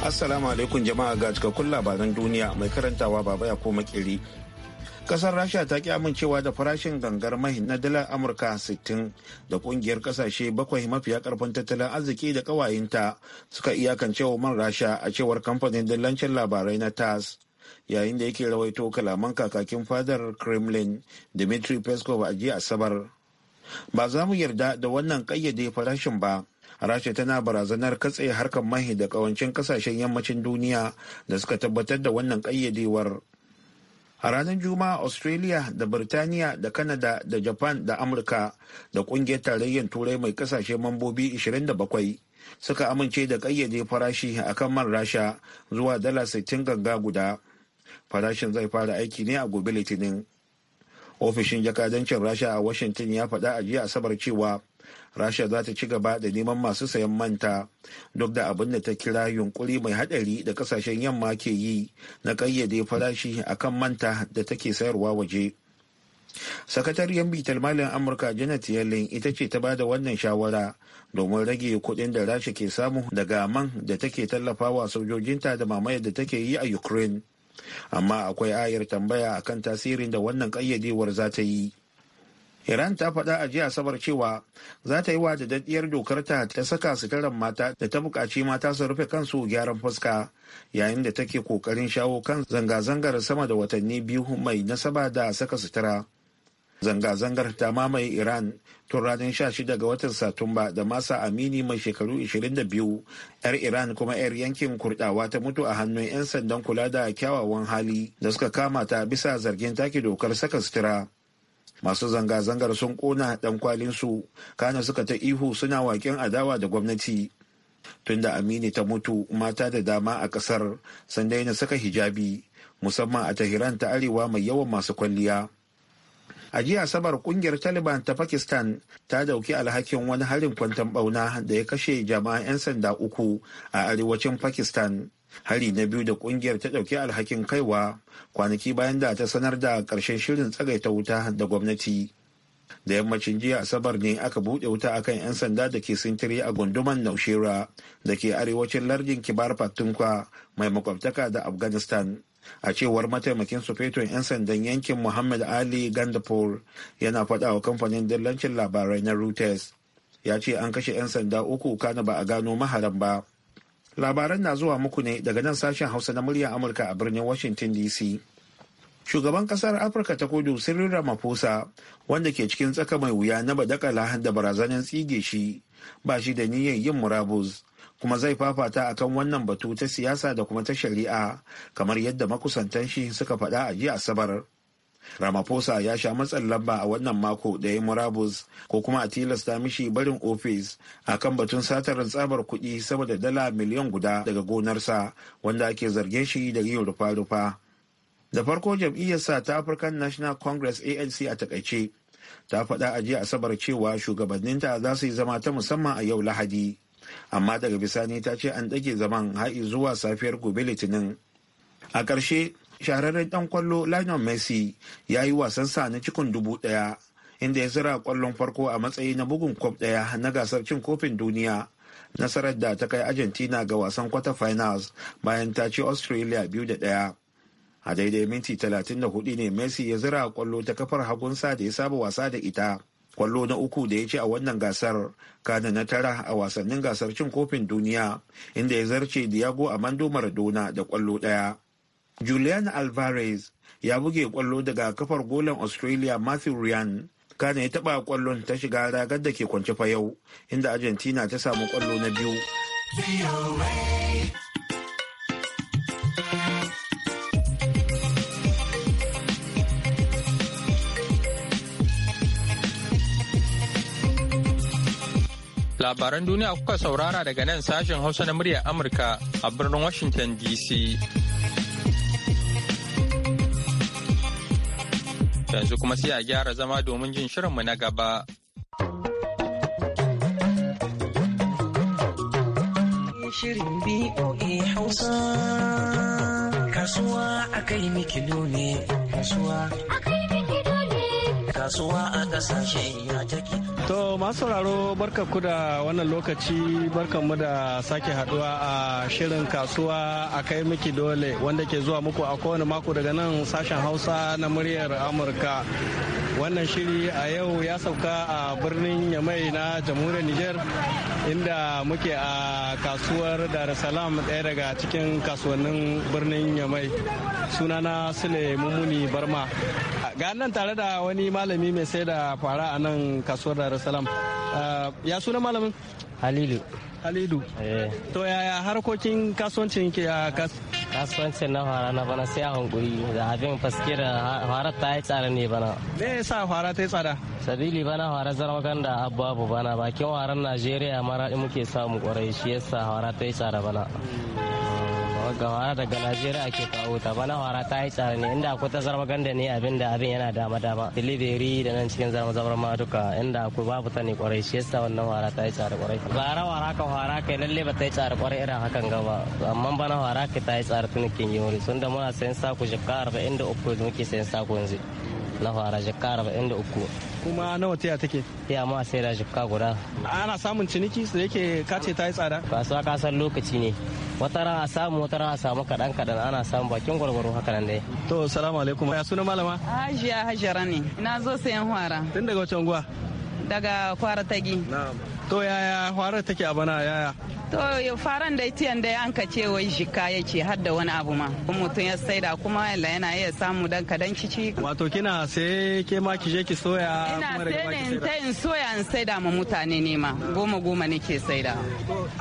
Assalamu alaikum jama'a ga cikakkun labaran duniya mai karantawa baba ya koma kiri. Kasar Rasha ta ki amincewa da farashin gangar mai na dalar Amurka 60 da kungiyar kasashe bakwai mafiya karfin tattalin arziki da kawayenta suka iyakance wa man Rasha a cewar kamfanin dillancin labarai na TASS. Yayin da yake rawaito kalaman kakakin fadar Kremlin Dmitry Peskov a jiya Asabar. Ba za mu yarda da wannan kayyade farashin ba. rasha tana barazanar katse harkar mahi da kawancin kasashen yammacin duniya da suka tabbatar da wannan ƙayyadewar a ranar juma'a australia da birtaniya da canada da japan da amurka da ƙungiyar tarayyar turai mai kasashe mambobi 27 suka amince da ƙayyade farashi a kan man rasha zuwa dala 60 ganga guda farashin zai fara aiki ne a gobe litinin ofishin jakadancin rasha a washington ya faɗa a jiya asabar cewa rasha za ta ci gaba da neman masu sayan manta duk da abin da ta kira yunkuri mai hadari da kasashen yamma ke yi na kayyade farashi akan manta da take sayarwa waje sakatariyar bitar malin amurka janet yellen ita ce ta ba da wannan shawara domin rage kudin da rasha ke samu daga man da take tallafawa sojojinta da mamayar da take yi a ukraine amma akwai ayar tambaya akan tasirin da wannan kayyadewar za ta yi Iran ta faɗa a jiya Asabar cewa za ta yi wa daddadiyar dokarta ta saka suturar mata da ta buƙaci mata su rufe kansu gyaran fuska yayin da take ƙoƙarin shawo kan zanga-zangar sama da watanni biyu mai nasaba da saka sutura. Zanga-zangar ta mamaye Iran tun ranar 16 ga watan Satumba da Masa Amini mai shekaru 22 'yar Iran kuma 'yar yankin kurdawa ta mutu a hannun 'yan sandan kula da kyawawan hali da suka kama ta bisa zargin take dokar saka sutura. masu zanga-zangar sun kona dan su kana suka ta ihu suna waken adawa da gwamnati tunda amini ta mutu mata da dama a kasar sun daina saka hijabi musamman a tahiran ta arewa mai yawan masu kwalliya a jiya asabar kungiyar taliban ta pakistan ta dauki alhakin wani harin kwantan bauna da ya kashe jama'an 'yan sanda uku a arewacin pakistan hari na biyu da kungiyar ta ɗauki alhakin kaiwa kwanaki bayan da ta sanar da ƙarshen shirin tsagaita wuta da gwamnati da yammacin jiya asabar ne aka buɗe wuta akan 'yan sanda da ke sintiri a gunduman naushera da ke arewacin lardin kibar fatunkwa mai makwabtaka da afghanistan a cewar mataimakin sufeton 'yan sandan yankin muhammad ali gandapur yana faɗa wa kamfanin dillancin labarai na reuters ya ce an kashe 'yan sanda uku kana ba a gano maharan ba labaran na zuwa muku ne daga nan sashen hausa na murya amurka a birnin washington dc shugaban kasar afirka ta kudu sirrin ramaphosa wanda ke cikin tsaka mai wuya na badakala da barazanar tsige shi ba shi da niyyar yin murabus kuma zai fafata akan wannan batu ta siyasa da kuma ta shari'a kamar yadda makusantan shi suka faɗa a jiya asabar Ramaphosa ya sha matsan lamba a wannan mako da ya murabus ko kuma a tilasta mishi barin ofis a kan batun satar tsabar kuɗi sama dala miliyan guda daga gonarsa wanda ake zargin shi da yin rufa-rufa. Da farko jam'iyyarsa ta African National Congress ANC a takaice ta faɗa a jiya asabar cewa shugabanninta za su yi zama ta musamman a yau Lahadi. Amma daga bisani ta ce an ɗage zaman har zuwa safiyar gobe Litinin. A ƙarshe shahararren dan kwallo lionel messi ya yi wasan sa na cikin dubu daya inda ya zira kwallon farko a matsayi na bugun kwab daya na gasar cin kofin duniya nasarar da ta kai argentina ga wasan kwata finals bayan ta ci australia biyu da daya a daidai minti 34 ne messi ya zira kwallo ta kafar hagunsa da ya saba wasa da ita kwallo na uku da ya ce a wannan gasar kana na tara a wasannin gasar cin kofin duniya inda ya zarce diago amando maradona da kwallo daya julian alvarez ya buge kwallo daga kafar golan australia matthew ryan kana ya taba kwallon ta shiga ragar da ke kwance fa yau inda argentina ta samu kwallo na biyu Labaran duniya kuka saurara daga nan sashen Hausa na muryar Amurka a birnin Washington DC. Yanzu kuma sai a gyara zama domin jin shirinmu na gaba. Shirin BOA Hausa Kasuwa a kai mikido ne Kasuwa a kai mikido To masu sauraro barka ku da wannan lokaci barkanmu mu da sake haduwa a shirin kasuwa a kai miki dole wanda ke zuwa muku a kowane mako daga nan sashen Hausa na muryar Amurka. wannan shiri a yau ya sauka a birnin yamai na jamhuriyar niger inda muke a kasuwar Dar Salaam ɗaya daga cikin kasuwannin birnin yamai sunana sule mummuni barma ga nan tare da wani malami mai sai da fara a nan kasuwar Dar Salaam. Ah, ya suna malamin halilu halilu eh. to yaya harkokin kasuwancin ke a kasuwar kasuwancin na fara na bana sai a hankuri da abin faske da fara ta yi tsada ne bana me yasa fara ta yi tsada sabili bana fara zarmakan da abubu bana bakin waran najeriya mara muke samu kwarai shi yasa fara ta yi tsada bana gawara daga najeriya ake kawo ta wara ta yi tsare ne inda akwai tazar maganda ne abin da abin yana dama dama delivery da nan cikin zama zama ma duka inda akwai babu ta ne kwarai shi yasa wannan wara ta yi tsare kwarai ra wara ka wara kai lalle ba ta yi tsare kwarai irin hakan gaba amma bana wara ka ta yi tsare tun kin yori sun da muna sayan sako shekara 43 da muke sayan sako yanzu na wara shekara 43 kuma nawa taya take taya ma sai da jikka guda ana samun ciniki su yake kace ta yi tsada kasuwa ka lokaci ne wata ran a samu wata ran a samu kadan kadan ana samu bakin gwargwaro haka nan dai to assalamu alaikum ya suna malama hajiya hajara ne na zo sayan hwara tun daga wacce unguwa daga kwara tagi na'am to yaya farar take a bana yaya to faran da tiyan da an ka ce wai jika yake har da wani abu ma mutum ya saida kuma yana iya samu dan kadan cici wato kina sai ke ma ki je ki soya ina sai da in soya in saida ma mutane ne ma goma goma nake saida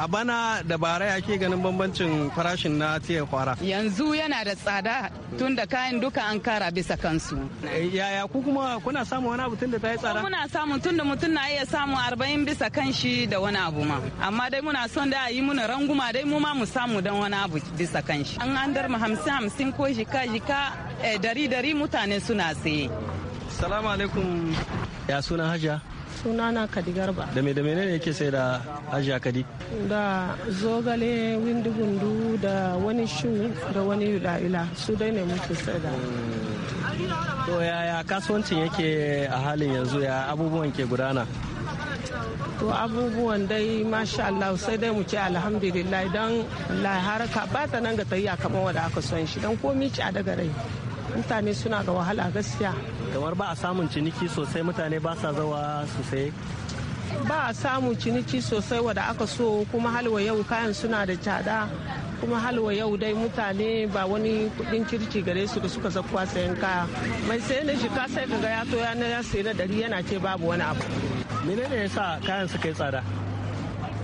a bana da bara ya ke ganin bambancin farashin na tiyan fara yanzu yana da tsada tun da kayan duka an kara bisa kansu eh, yaya ku kuma kuna samu wani abu tun da ta yi tsada muna samu tun da mutum na iya samu arba'in bisa kan shi da wani abu ma amma dai muna son da yi muna ranguma dai mu ma mu samu dan wani abu bisa kan shi an an mu hamsin hamsin ko jika jika eh, dari dari mutane suna saye salamu alaikum ya suna haja suna na kadi garba da me da me ne yake sai da haja kadi da zogale windu gundu da wani shu da wani yuda'ila su dai ne muke sai da to yaya kasuwancin yake a halin yanzu ya abubuwan ke gudana to abubuwan dai masha Allah sai dai mu ce alhamdulillah don haraka ba ta nan ga tayya kamar wanda aka son shi don komi ci a daga rai mutane suna ga wahala gaskiya kamar ba a samun ciniki sosai mutane ba sa zawa sosai ba a samun ciniki sosai wada aka so kuma halwa yau kayan suna da cada kuma halwa yau dai mutane ba wani kudin kirki gare su da suka zakuwa sayan kaya mai sayan da shi ka sai ka ga ya to ya na na dari yana ce babu wani abu menene sa kayan su kai tsada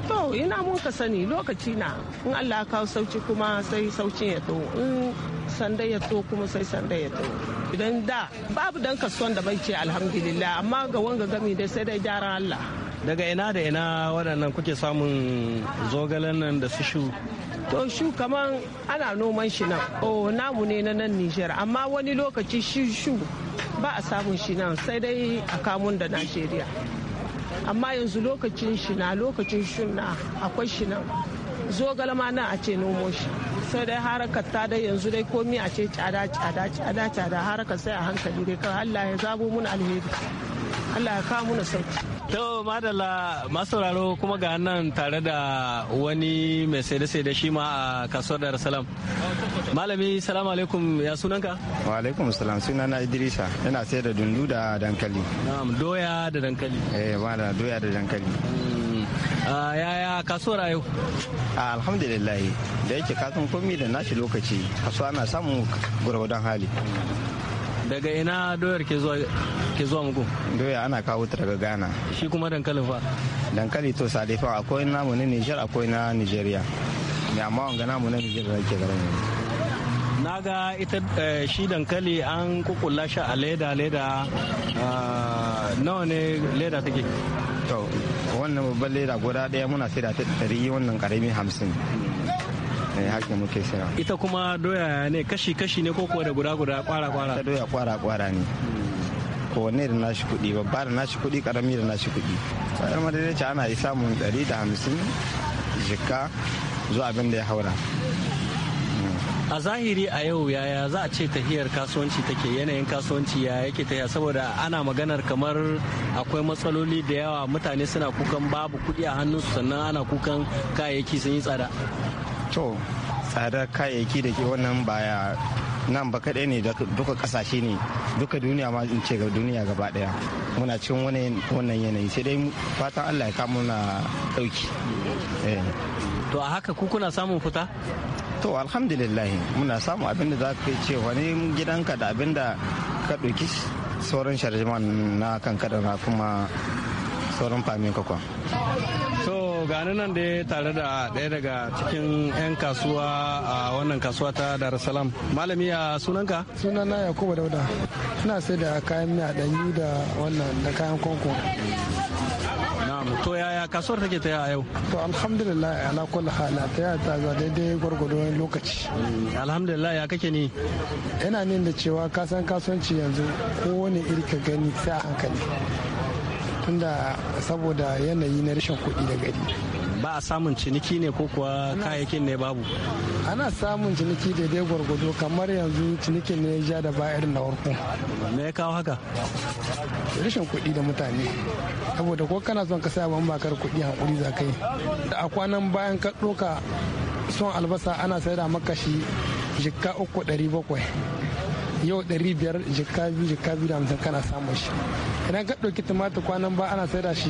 to ina mun ka sani lokaci na in Allah ka kawo sauci kuma sai saucin ya to in sanda ya to kuma sai sanda ya to idan da babu dan kasuwan da bai ce alhamdulillah amma ga wanga gami dai sai dai gyaran Allah daga ina da ina waɗannan kuke samun zogalen nan da su shu to shu kaman ana noman shi nan o namu ne na nan nijar amma wani lokaci shi shu ba a samun shi nan sai dai a kamun da najeriya amma yanzu lokacin shi na lokacin shuna akwai shi nan zo galama nan a ce nomo shi sai dai harakar ta dai yanzu dai komi a ce tsada tsada tsada tsada harakar sai a hankali dai kawai Allah ya zabo mun alheri Allah ya kawo mana sauki to madalla masauraro kuma ga nan tare da wani mai saida saida shi ma a kasuwar dar salam malami salamu alaikum ya sunanka wa alaikum salam sunana idrisa yana sai da dundu da dankali na'am doya da dankali eh ba doya da dankali mm. ah, yaya kasuwar a yau ah, alhamdulillah da yake kasuwar komi da nashi lokaci kasuwa na samun gwargwadon hali daga ina doyar ke zuwa muku doya ana kawo ta daga ghana shi kuma dankalin fa dankali to fa akwai namu na niger akwai na nigeria ne amma wanga namu na niger da ke garin na ga ita eh, shi dankali an kukula shi a leda leda ah, nawa ne leda take to wannan babban leda guda daya muna sai da ta ɗari wannan karami hamsin Eh, haka muke sayarwa ita kuma doya ne kashi kashi ne ko kuwa da guda guda kwara kwara ta doya kwara kwara ne kowanne da nashi kuɗi babba da nashi kuɗi karami da nashi kuɗi tsayar madadaci ana yi samun 150 jika zuwa abin da ya haura a zahiri a yau yaya za a ce tahiyar kasuwanci take yanayin kasuwanci ya yake tahiya saboda ana maganar kamar akwai matsaloli da yawa mutane suna kukan babu kuɗi a hannunsu sannan ana kukan kayayyaki sun yi tsada to tsadar kayayyaki da ke wannan baya nan ba kaɗai ne duka ƙasashe ne duka duniya ma in ce ga duniya gaba ɗaya muna cikin wannan yanayi sai dai fatan allah ya kama na ɗauki eh. to a haka ku kuna samun fita to alhamdulillah muna samun abin da za ka ce wani gidanka da abin da ka ɗauki sauran sharjiman na kanka da kuma sauran famin kwakwa. so gani nan da tare da ɗaya daga cikin 'yan kasuwa a wannan kasuwa ta darussalam malami a sunanka sunana yakubu dauda suna sai da kayan miya ɗanyu da wannan da kayan kwanko na'am to yaya kasuwar take ta a yau to alhamdulillah ala kulli hal ta ya ta za daidai gwargwado lokaci mm, alhamdulillah ya kake ni ina nin da cewa kasan kasuwanci yanzu kowane iri ka gani sai a hankali tunda saboda yanayi na rashin kuɗi da gari ba a samun ciniki ne ko kuwa kayayyakin ne babu ana samun ciniki da dai gwargwado kamar yanzu cinikin ne ja da ba irin na me ya kawo haka rashin kuɗi da mutane saboda ko kana son ka sa ban bakar kuɗi hankuri za kai da a kwanan bayan ka ɗoka son albasa ana sayar da maka shi jikka uku ɗari bakwai yau ɗari biyar jikka biyu jikka biyu da hamsin kana samun shi idan ka ɗauki tumatir kwanan ba ana saida shi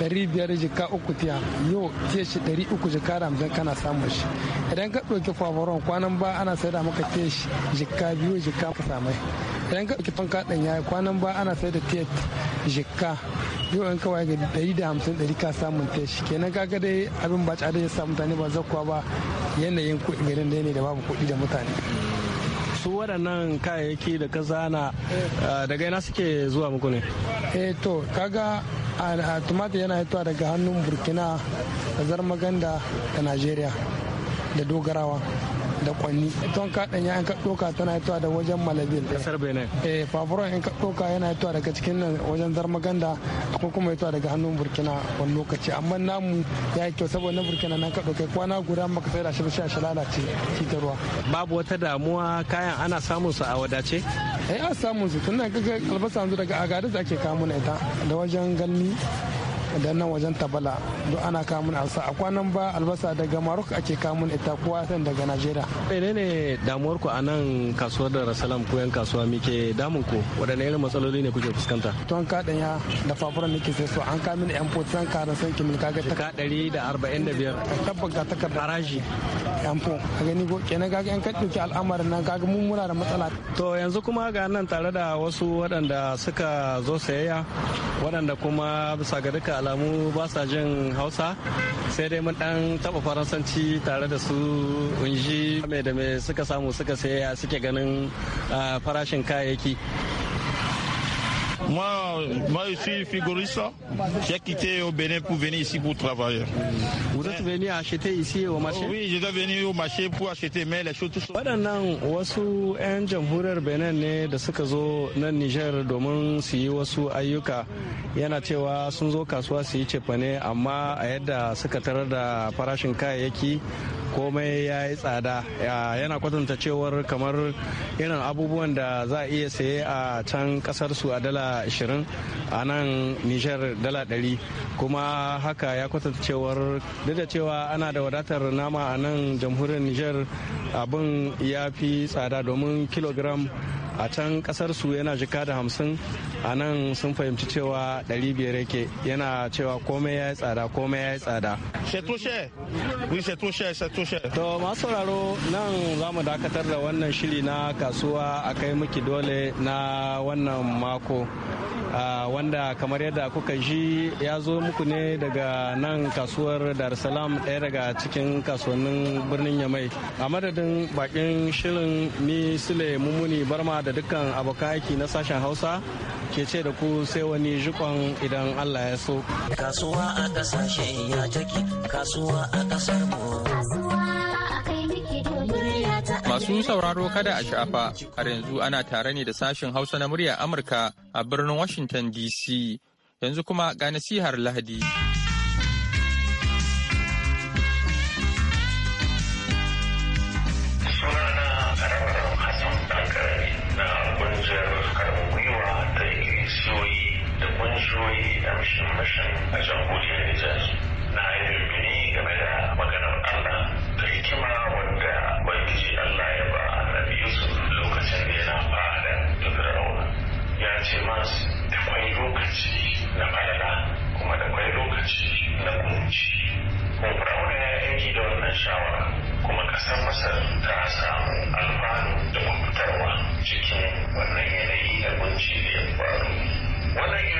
ɗari biyar jikka uku tiya yau tiya shi ɗari uku jikka da hamsin kana samun shi idan ka ɗauki kwakwaron kwanan ba ana saida maka tiya shi jikka biyu jikka ka samai idan ka ɗauki tonka ɗan yayi kwanan ba ana saida tiya jikka yau in kawai ga ɗari da hamsin ɗari ka samun tiya shi kenan kaga dai abin ba tsada ya sa mutane ba zakwa ba yanayin kuɗi garin da ne da babu kuɗi da mutane. su waɗannan kayayyaki da ka zana daga ina suke zuwa muku ne eh to kaga tumatir yana hitowa daga hannun burkina da zarmaganda da najeriya da dogarawa da kwanni ton kaɗan ya in ka ɗoka tana hitowa da wajen malabil kasar benin eh fafuran in ka ɗoka yana hitowa daga cikin nan wajen zarmaganda ko kuma hitowa daga hannun burkina wani lokaci amma namu ya yi kyau saboda na burkina nan kaɗo kai kwana guda maka sai da shi sha shi lalace shi ta ruwa babu wata damuwa kayan ana samun su a wadace eh an samun su tun da kaga albasa yanzu daga agadis ake kawo mana ita da wajen galmi dan nan wajen tabala duk ana kamun albasa a kwanan ba albasa daga marok ake kamun ita kuwa san daga najeriya ne damuwar ku a nan kasuwar da rasalam ko yan kasuwa muke damun ku waɗanne irin matsaloli ne kuke fuskanta ton kaɗan ya da fafuran nake sai so an kamin yan san ka san mun kaga ta ka ɗari da arba'in da biyar tabbas ga takarda haraji yan fo ka gani ko kenan kaga yan kaɗin ki al'amarin nan kaga mun muna da matsala to yanzu kuma ga nan tare da wasu waɗanda suka zo sayayya waɗanda kuma bisa ga duka alamu ba sa jin hausa sai dai mun dan taba faransanci tare da su unji mai da mai suka samu suka saya suke ganin ah, farashin kayayyaki Moi, moi je suis frigoriste. J'ai quitté au Bénin pour venir ici pour travailler. Vous êtes venu acheter ici au marché Oui, je dois venir au marché pour acheter, mais les choses sont... Waɗannan wasu 'yan jamhuriyar Benin ne da suka zo nan Nijar domin su yi wasu ayyuka yana cewa sun zo kasuwa su yi cefane amma a yadda suka tarar da farashin kayayyaki komai ya yi tsada yana kwatanta cewar kamar irin abubuwan da za a iya saye a can kasar su a dala 20 a nan nijar dala 100 kuma haka ya kwatanta cewar duk da cewa ana da wadatar nama a nan jamhuriyar nijar abin ya fi tsada domin kilogram a can kasar su yana jika da hamsin a nan sun fahimci cewa ɗari biyar yake yana cewa komai ya yi tsada komai ya yi tsada to masu sauraro nan za mu dakatar da wannan shiri na kasuwa a kai miki dole na wannan mako wanda kamar yadda kuka ji ya zo muku ne daga nan kasuwar dar salam ɗaya daga cikin kasuwannin birnin yamai a madadin bakin shirin ni sule mummuni barma da dukkan abokan aiki na sashen Hausa ke ce da ku sai wani jikon idan Allah ya so. Kasuwa a kasashe ya take kasuwa a kasar mu. Masu sauraro kada a sha'afa har yanzu ana tare ne da sashen Hausa na murya Amurka a birnin Washington DC yanzu kuma ga nasihar Lahadi. jihohi da mishin mashin a jamhuriyar Nijar na yi ne game da maganar Allah da hikima wadda Ubangiji Allah ya ba Annabi Yusuf lokacin da yana fada da Fir'auna. Ya ce masu da kwai lokaci na falala kuma da kwai lokaci na kunci. Ko Fir'auna ya yanki da wannan shawara kuma ƙasar Masar ta samu alfanu da mafitarwa cikin wannan yanayi na kunci da ya faru. Wannan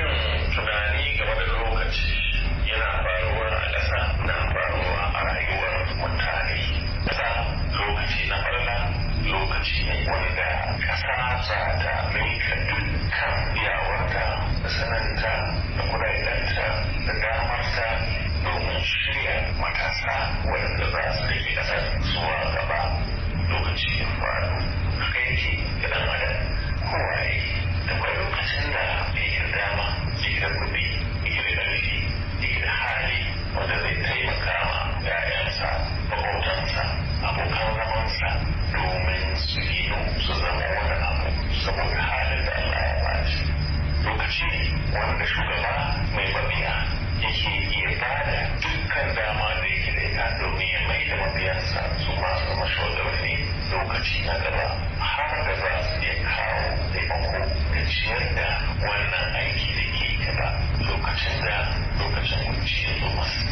wanda shugaba mai mabiya yake iya ba da dukkan dama da yake da ita domin ya mai da mabiyansa su masu zama shugabanni lokaci na gaba har da za su iya kawo taimako da ciyar da wannan aiki da ke gaba lokacin da lokacin wuce ya zo masu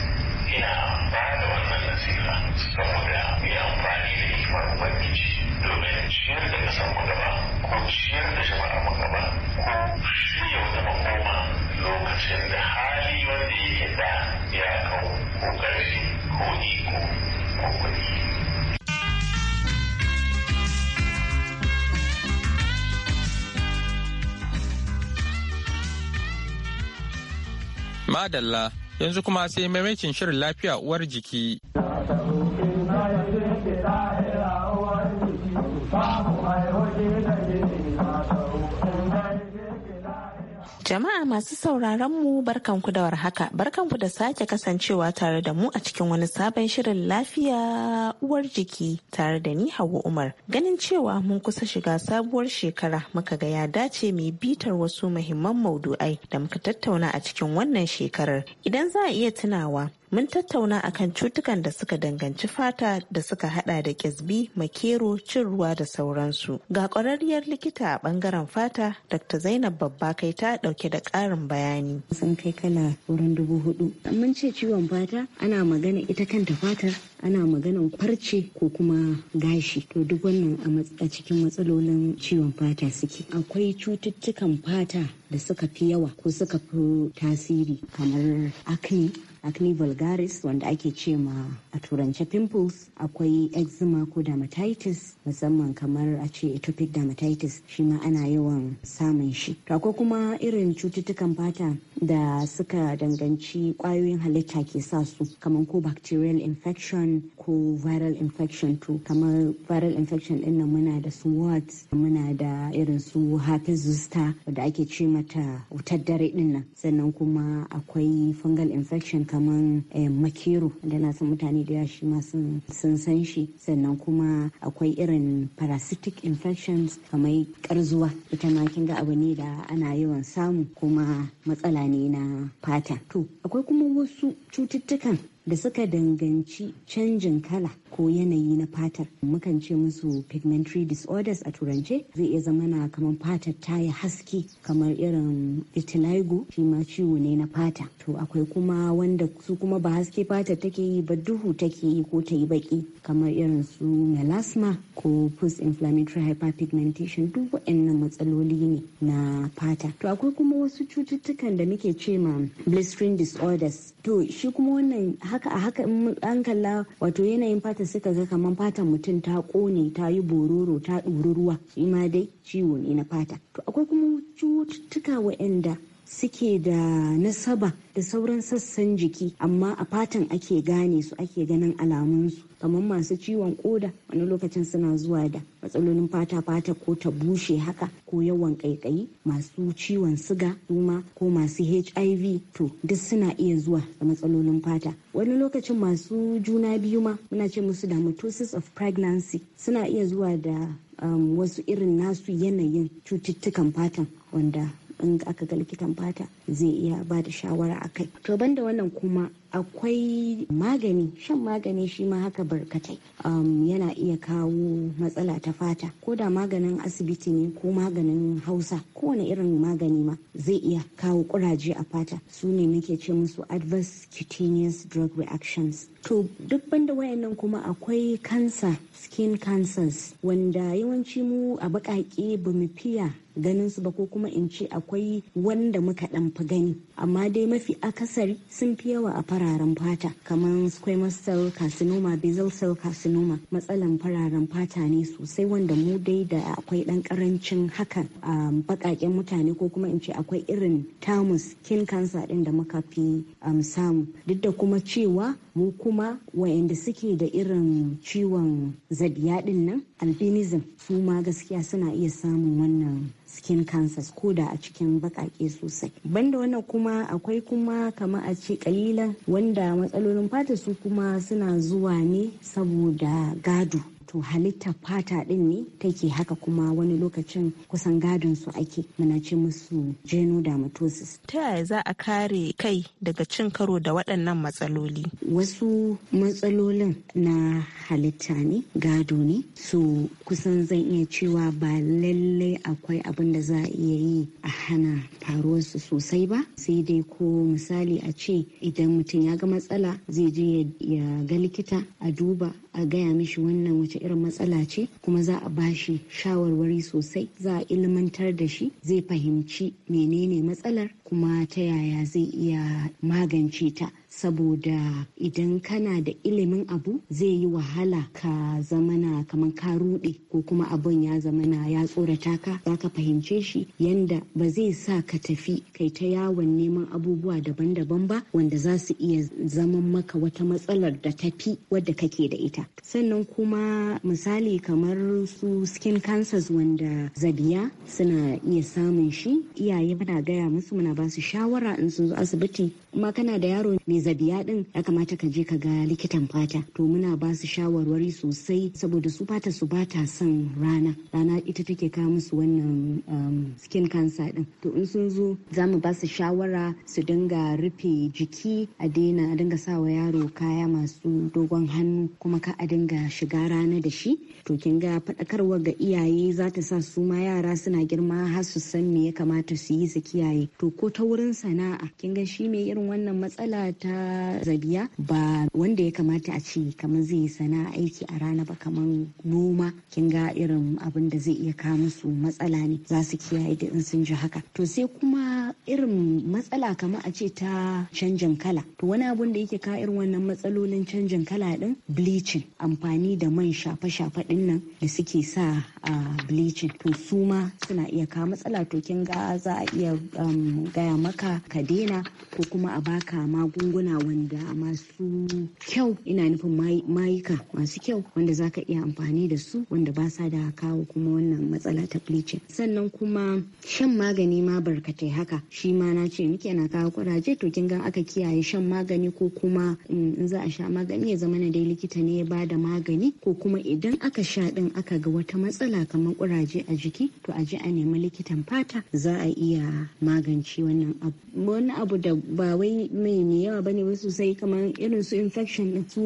ina ba da wannan nasiha saboda ya amfani da hikimar ubangiji domin ciyar da ƙasar mu gaba ko ciyar da jama'a mu gaba ko shi lokacin da hali wanda yake da ya kawo ko ƙarfi ko iko ko kuɗi. Madalla yanzu kuma sai maimakin shirin lafiya uwar jiki. Jama'a masu sauraron mu barkanku da warhaka, barkanku da sake kasancewa tare da mu a cikin wani sabon shirin lafiya uwar jiki tare da ni Hauwa Umar. Ganin cewa mun kusa shiga sabuwar shekara muka ga ya dace mai bitar wasu muhimman maudu'ai da muka tattauna a cikin wannan shekarar. Idan za a iya tunawa, mun tattauna akan cutukan da suka danganci fata da suka hada da kyasbi makero cin ruwa da sauransu ga kwararriyar likita a bangaren fata dr zainab babba kai ta dauke da karin bayani sun kai kala wurin dubu hudu mun ce ciwon fata ana magana ita kanta fata, ana maganan farce ko kuma gashi to duk wannan a cikin matsalolin ciwon fata suke akwai cututtukan fata da suka fi yawa ko suka fi tasiri kamar acne acne vulgaris wanda ake ce ma a turance pimples akwai eczema ko dermatitis musamman kamar a ce atopic dermatitis shi ma ana yawan samun shi to akwai kuma irin cututtukan fata da suka danganci kwayoyin halitta ke sa su kamar ko bacterial infection ko viral infection to kamar viral infection din nan muna da su wards muna da irin su herpes zuster da ake ce mata wutar dare din nan sannan kuma akwai fungal infection kamar eh, makero da na san mutane da ya shi ma sun san shi sannan kuma akwai irin parasitic infections kamar karzuwa ita ma kin ga abu ne da ana yawan samu kuma matsala ne na fata to akwai kuma wasu cututtukan da suka danganci canjin kala ko yanayi na fatar mukan ce musu pigmentary disorders a turance zai iya zama na kamar fatar ta yi haske kamar irin vitiligo shi ma ciwo ne na fata to akwai kuma wanda su kuma ba haske fatar take yi ba duhu take yi ko ta yi baki kamar irin su melasma ko post inflammatory hyperpigmentation duk waɗannan matsaloli ne na fata to akwai kuma wasu cututtukan da muke ce ma blistering disorders to shi kuma wannan haka a haka in an kalla wato yanayin fata suka ga kamar fatan mutum ta kone ta yi bororo ta ɗuri ruwa shi ma dai ciwo ne na fata to akwai kuma cututtuka waɗanda suke da nasaba da sauran sassan jiki amma a fatan ake gane su ake ganin alamunsu kamar masu ciwon koda wani lokacin suna zuwa da matsalolin fata-fata ko ta bushe haka ko yawan ƙaiƙayi masu ciwon siga kuma ko masu hiv to duk suna iya zuwa da matsalolin fata wani lokacin masu juna biyu ma muna ce musu da mitosis of pregnancy suna iya zuwa da um, wasu irin nasu yanayin cututtukan fatan wanda in aka ga likitan fata zai iya ba da shawara a kai to banda wannan kuma akwai magani shan magani shi ma haka barkatai um, yana iya kawo matsala ta fata ko da maganin asibiti ne ko maganin hausa kowane irin magani ma zai iya kawo kuraje a fata su ne nake ce musu adverse cutaneous drug reactions to duk banda wayannan kuma akwai cancer skin cancers wanda yawanci mu a baƙaƙe bamu fiya ganin su ba ko kuma in ce akwai wanda muka dan fi gani amma dai mafi akasari sun fi yawa a fararen fata kamar squamous cell carcinoma basal cell carcinoma matsalan fararen fata ne sosai wanda mu dai da akwai dan karancin hakan a bakaken mutane ko kuma in ce akwai irin tamus skin cancer din da muka fi um, samu duk da kuma cewa mu kuma wayanda suke da irin ciwon zadiya din nan albinism su ma gaskiya suna iya samun wannan skin cancers ko da a cikin bakake sosai banda wannan kuma akwai kuma kama a ce kalilan wanda matsalolin fata su kuma suna zuwa ne saboda gado to halitta fata din ne take haka kuma wani lokacin kusan gadon su ake muna ce musu mutosis ta yaya za a kare kai daga cin karo da waɗannan matsaloli wasu matsalolin na halitta ne gado ne su kusan zan iya cewa ba lallai akwai abin da za a iya yi a hana faruwarsu sosai ba sai dai ko misali a ce idan mutum ya ga matsala zai je ya ga likita a duba a gaya mishi wannan wace irin matsala ce kuma za a ba shi shawarwari sosai za a ilmantar da shi zai fahimci menene matsalar kuma ta yaya zai iya magance ta saboda idan kana da ilimin abu zai yi wahala ka zamana kamar ka ruɗe ko kuma abin ya zamana ya tsorata ka za ka fahimce shi yanda ba zai sa ka tafi kai ta yawon neman abubuwa daban-daban ba wanda za su iya zaman maka wata matsalar da tafi wadda kake da ita sannan kuma misali kamar su skin cancers wanda zabiya suna iya samun shi iyaye muna gaya musu muna ba su shawara in sun zo asibiti kuma kana da yaro mai zabiya din ya kamata ka je ka ga likitan fata to muna ba su shawarwari sosai saboda su fata su ba ta son rana rana ita take kawo musu wannan um, skin cancer din to in sun zo za mu ba su shawara su dinga rufe jiki a daina a dinga sawa yaro kaya masu dogon hannu kuma ka a dinga shiga rana da shi to kin ga faɗakarwa ga iyaye za ta sa su ma yara suna girma har su san me ya kamata su yi su kiyaye to ko ta wurin sana'a kin ga shi me irin wannan matsala ta na zabiya ba wanda ya kamata a ce kamar zai sana'a aiki a rana ba kamar noma kin ga irin abin da zai iya kawo musu matsala ne za su kiyaye da in sun ji haka to sai kuma irin matsala kamar a ce ta canjin kala to wani abun da yake kawo irin wannan matsalolin canjin kala din bleaching amfani da man shafe-shafe din nan da suke sa a bleaching to su ma suna iya kawo matsala to kin ga za a iya um, gaya maka ka daina ko kuma a baka magunguna magunguna wanda masu kyau ina nufin mayuka masu kyau wanda zaka iya amfani da su wanda ba sa da kawo kuma wannan matsala ta bleaching sannan kuma shan magani ma barkatai haka shi ma na ce muke na kawo kuraje to kin ga aka kiyaye shan magani ko kuma mm, in za a sha magani ya zama na dai likita ne ya bada magani ko kuma idan aka sha din aka ga wata matsala kamar kuraje a jiki to a ji a nemi likitan fata za a iya magance wannan abu wani abu da ba wai mai yawa ba bane ba sosai kamar irin su infection din su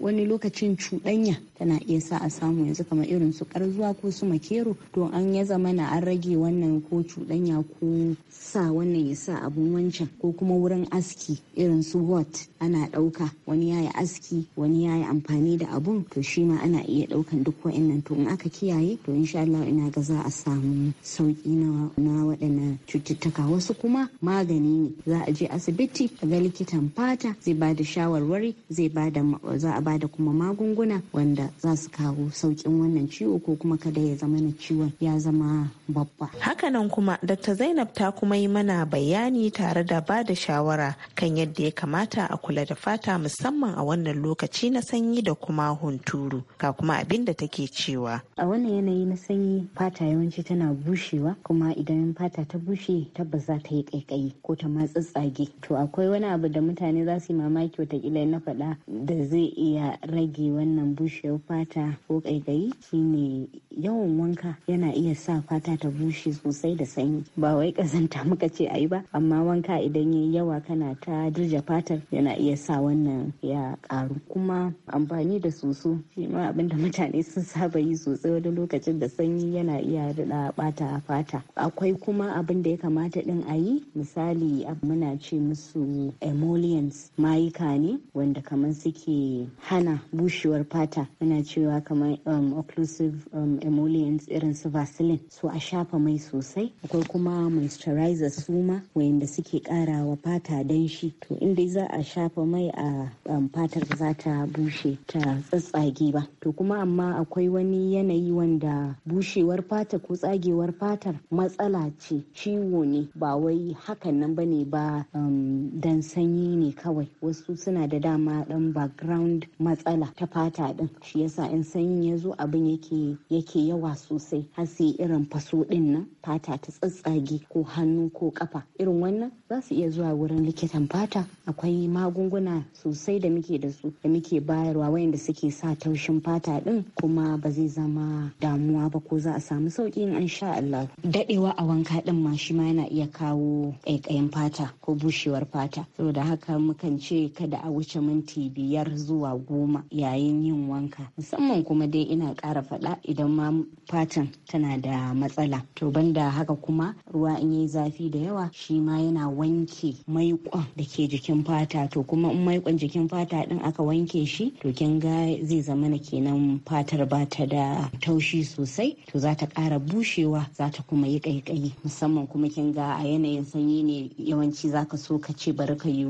wani lokacin cuɗanya tana iya sa a samu yanzu kamar irin su karzuwa ko su makero to an ya zama na an rage wannan ko cuɗanya ko sa wannan ya sa abun wancan ko kuma wurin aski irin su what ana ɗauka wani yayi aski wani yayi amfani da abun to shi ma ana iya ɗaukan duk wa'annan to in aka kiyaye to insha Allah ina ga za a samu sauki na waɗannan cututtuka wasu kuma magani ne za a je asibiti a ga likitan fata zai ba da shawarwari zai bada za a ba kuma magunguna wanda za su kawo saukin wannan ciwo ko kuma kada ya zama na ciwon ya zama babba hakanan kuma dr zainab ta kuma yi mana bayani tare da ba da shawara kan yadda ya kamata a kula da fata musamman a wannan lokaci na sanyi da kuma hunturu ga kuma abin da take cewa a wannan yanayi na sanyi fata yawanci tana bushewa kuma idan fata ta bushe tabbas za ta yi kaikayi ko ta matsatsage to akwai wani abu da mutane mutane za su yi mamaki watakila na faɗa da zai iya rage wannan bushewar fata ko ƙaiƙayi shine yawan wanka yana iya sa fata ta bushe sosai da sanyi ba wai ƙazanta muka ce a yi ba amma wanka idan yayi yawa kana ta dirja fatar yana iya sa wannan ya ƙaru kuma amfani da soso shi ma abin mutane sun saba yi sosai wani lokacin da sanyi yana iya daɗa ɓata fata akwai kuma abin da ya kamata ɗin a yi misali muna ce musu emollient ingredients mayuka ne wanda kamar suke hana bushewar fata yana cewa kamar um, occlusive um, emollients irin su vaseline so a shafa mai sosai akwai kuma moisturizer suma wayanda suke kara wa fata shi to inda za a shafa mai a um, fatar za ta bushe ta tsatsage ba to kuma amma akwai wani yanayi wanda bushewar fata ko tsagewar fatar matsala ce ciwo ne ba wai hakan nan bane ba um, dan sanyi ne ne kawai wasu suna da dama dan background matsala ta fata din shi yasa in sanyi ya zo abin yake yake yawa sosai har sai irin faso din nan fata ta tsatsage ko hannu ko kafa irin wannan za su iya zuwa wurin likitan fata akwai magunguna sosai da muke da su da muke bayarwa wayanda suke sa taushin fata din kuma ba zai zama damuwa ba ko za a samu sauki in an sha Allah dadewa a wanka din ma shi ma yana iya kawo ƙaiƙayin fata ko bushewar fata saboda haka kan mukan ce kada a wuce minti biyar zuwa goma yayin yin wanka musamman kuma dai ina ƙara faɗa idan ma fatan tana da matsala to banda haka kuma ruwa in yi zafi da yawa shi ma yana wanke maiƙon da ke jikin fata to kuma in maiƙon jikin fata ɗin aka wanke shi to kin ga zai zama na kenan fatar ba ta da taushi sosai to za ta ƙara bushewa za ta kuma yi ƙaiƙayi musamman kuma kin ga a yanayin sanyi ne yawanci zaka so ka ce bari ka yi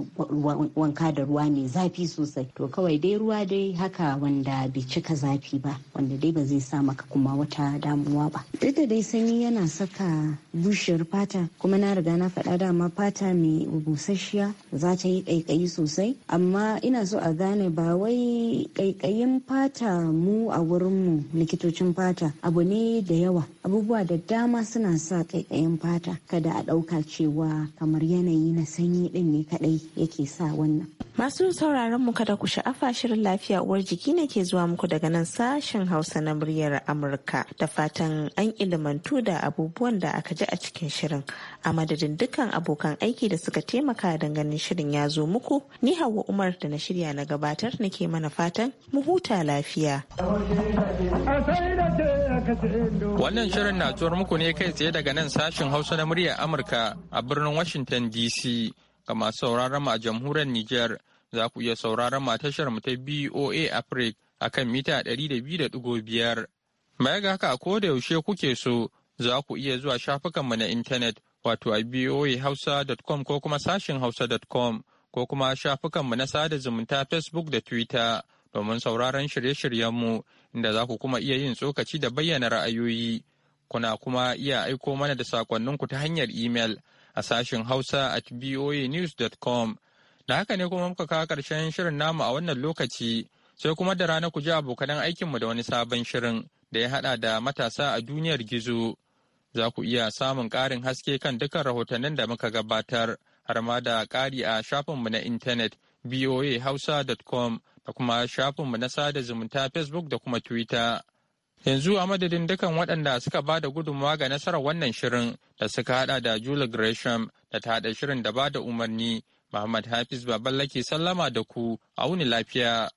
wanka da ruwa mai zafi sosai to kawai dai ruwa dai haka wanda bai cika zafi ba wanda dai ba zai sa maka kuma wata damuwa ba duk da dai sanyi yana saka bushiyar fata kuma na riga na faɗa dama fata mai busasshiya za ta yi ƙaiƙayi sosai amma ina so a gane ba wai ƙaiƙayin fata mu a wurin mu likitocin fata abu ne da yawa abubuwa da dama suna sa ƙaiƙayin fata kada a ɗauka cewa kamar yanayi na sanyi ɗin ne kaɗai yake sa wannan. Masu sauraron mu kada ku sha'afa shirin lafiya uwar jiki ne ke zuwa muku daga nan sashen Hausa na muryar Amurka da fatan an ilimantu da abubuwan da aka ji a cikin shirin. A madadin dukkan abokan aiki da suka taimaka ganin shirin ya zo muku, ni Hauwa Umar da na shirya na gabatar nake mana fatan mu huta lafiya. Wannan shirin na muku ne kai tsaye daga nan sashen Hausa na muryar Amurka a birnin Washington DC. Ga masu sauraron mu a jamhuriyar Nijar za ku iya sauraron mu a tashar mu ta BOA Africa a kan mita 200.5. Baya ga haka ko da yaushe kuke so za ku iya zuwa shafukan mu na intanet wato a boahausa.com ko kuma sashin hausa.com ko kuma shafukan mu na sada zumunta Facebook da Twitter domin sauraron shirye shiryen mu inda za ku kuma iya yin tsokaci da bayyana ra'ayoyi. Kuna kuma iya aiko mana da sakonninku ta hanyar imel a sashen Hausa at voanews.com. Da haka ne kuma muka kawo ƙarshen shirin namu a wannan lokaci, sai kuma da rana ku ji abokanan aikinmu da wani sabon shirin da ya haɗa da matasa a duniyar gizo. Za ku iya samun ƙarin haske kan dukkan rahotannin da muka gabatar, har ma da ƙari a shafinmu na intanet voahausa.com da kuma shafinmu na sada zumunta Facebook da kuma Twitter. Yanzu a madadin dukan waɗanda suka ba da gudunmawa ga nasarar wannan shirin da suka hada da julia Gresham da ta hada shirin da ba da umarni, Muhammad Hafiz Baballake sallama da ku, auni lafiya.